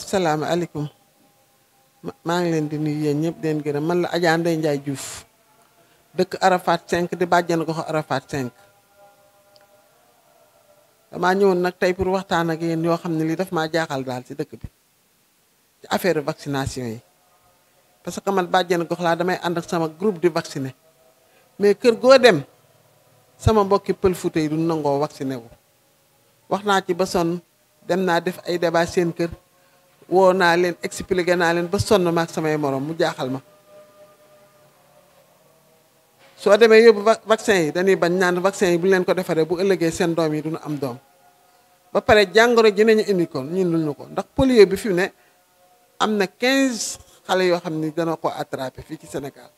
asalaamaaleykum maa ngi leen di nuyu yéen ñëpp den gërëm man la Adja Ndeye Ndiaye Diouf dëkk Arafat 5 di bàjjan goxu Arafat 5 damaa ñëwoon nag tey pour waxtaan ak yéen yoo xam ne lii daf maa jaaxal daal ci dëkk bi ci affaire vaccination yi parce que man bàjjan gox laa damay ànd ak sama groupe di vacciné mais kër goo dem sama mbokki pël Fuuta yi du nangoo vacciné wu wax naa ci ba sonn dem naa def ay débat seen kër woo naa leen expliqué naa leen ba ma ak samay morom mu jaxal ma soo demee yob vaccin yi dañuy bañ naan vaccin yi bu leen ko defare bu ëllëgee sen dom yi duñu am dom ba pare jangoro ji nañu indi ko ñun luñu ko ndax polio bi fi mu ne am 15 xalé yo xamni dañu ko attraper fi ci Sénégal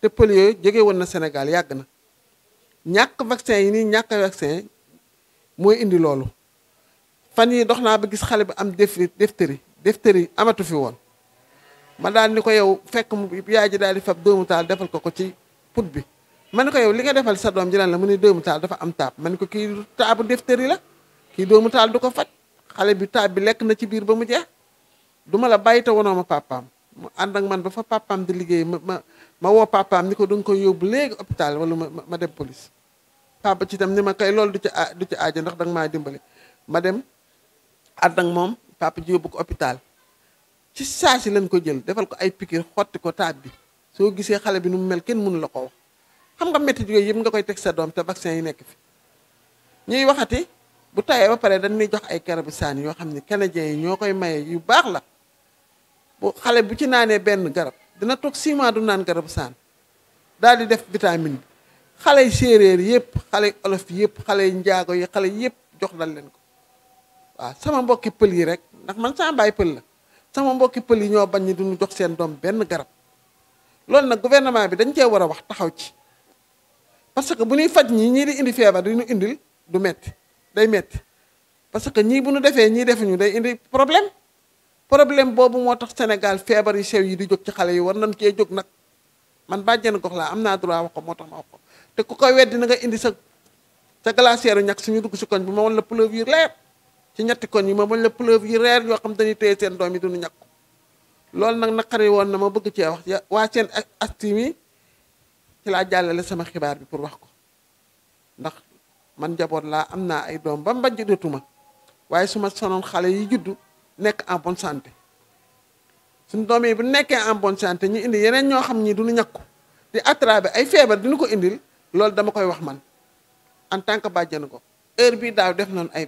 te polio jégué won na Sénégal yàgg na ñàkk vaccin yi ni ñak vaccin moy indi loolu fan yii dox naa ba gis xale bi am defri defteri defteri amatu fi woon ma daal ni ko yow fekk mu yaay ji daal di fab doomu taal defal ko ko ci put bi ma ni ko yow li nga defal sa doom ji la mu ne doomu taal dafa am taab ma ni ko kii taabu defteri la kii doomu taal du ko faj xale bi taab bi lekk na ci biir ba mu jeex du ma la bàyyi te wanoo ma papaam mu ànd ak man ba fa papaam di liggéey ma ma ma woo papaam ni ko danga koy yóbbu léegi hôpital wala ma ma dem police papa ci tam ni ma kay loolu du ci du ci aajo ndax danga maa dimbale ma dem ànd ak moom papa ji yóbbu ko hôpital ci saa si lañ ko jël defal ko ay pikir xotti ko taab bi soo gisee xale bi nu mel kenn mënu la ko wax xam nga métti yooyu yëpp nga koy teg sa doom te vaccin yi nekk fi ñuy waxati bu tawee ba pare dañ lay jox ay garabu saan yoo xam ne canadiens yi ñoo koy maye yu baax la bu xale bu ci ben benn garab dina tok six mois du nan garabu saan daal di def vitamine xalé xale séeréer xalé olof yëpp xalé njaago yi xalé yëpp jox dal len ko waaw ah, sama mbokki pël yi rek ndax man sama baay pël la sama mbokki pël yi ñoo bañ ñi duñu jox seen doom benn garab loolu nag gouvernement bi dañ cee war a wax taxaw ci parce que bu ñuy faj ñi ñii di indi feebar di ñu indil du metti day metti parce que ñii bu ñu defee ñii defuñu day indi problème problème boobu moo tax Sénégal feebar yi sew yi di jóg ci xale yi war nañ cee jóg nag man bàjjen gox laa am naa droit wax ko moo tax ma wax ko te ku ko weddi na nga indi sa sa glacière ñàkk suñu dugg si koñ bi ma woon la pleuvoir leer ci ñetti koñ yi ma bañ la pleuf yi reer yo xam te tey téye seen doom yi ñak lool nak nag naqari na ma bëgg ya, ci wax wa seen astim ci la jallale sama xibaar bi pour wax ko ndax man jabor la amna ay doom ba mbajj detuma waye suma sonon xalé yi juddu nek en bonne santé suñ doomi bu nekkee en bonne santé ñu indi yeneen ño xam ñi ñak di attraper ay feebar diñu ko indil lool dama koy wax man en tant que bàjjenu ko heure bi daaw def non ay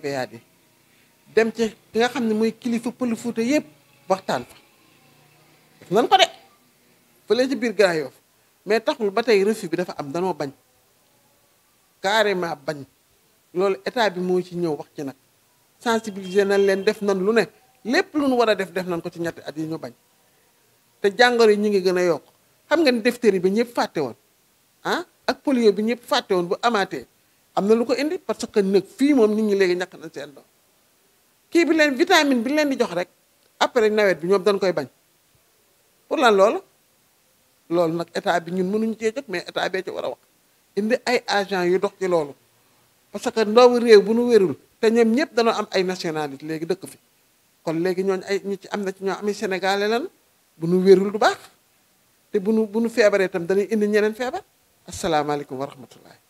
dem ci ki nga xam ne mooy kilifa pël Fuuta yëpp waxtaan fa def nan ko de fële ci biir Grand Yoff mais taxul ba tey refus bi dafa am danoo bañ carrément bañ loolu état bi moo ci ñëw wax ci nag sensibiliser nañ leen def nan lu ne lépp lu nu war a def def nañ ko ci ñetti at yi ñu bañ te jàngoro yi ñu ngi gën a yokk xam nga def diphtérie bi ñëpp fàtte woon ah ak polio bi ñëpp fàtte woon bu amaatee am na lu ko indi parce que nag fii moom nit ñi léegi ñàkk nañ seen doom kii bi leen vitamine bi leen di jox rek après nawet bi ñoom dañ koy bañ pour lan loolu loolu nag état bi ñun mënuñ cee jot mais état bee ci war a wax indi ay agent yu dox ci loolu parce que ndaw réew bu nu wérul te ñoom ñëpp danoo am ay nationalité léegi dëkk fi kon léegi ñooñu ay ñu ci am na ci ñoo amee sénégalais lan bu nu wérul du baax te bu nu bu nu feebaree tam dañuy indi ñeneen feebar asalaamaaleykum wa rahmatullah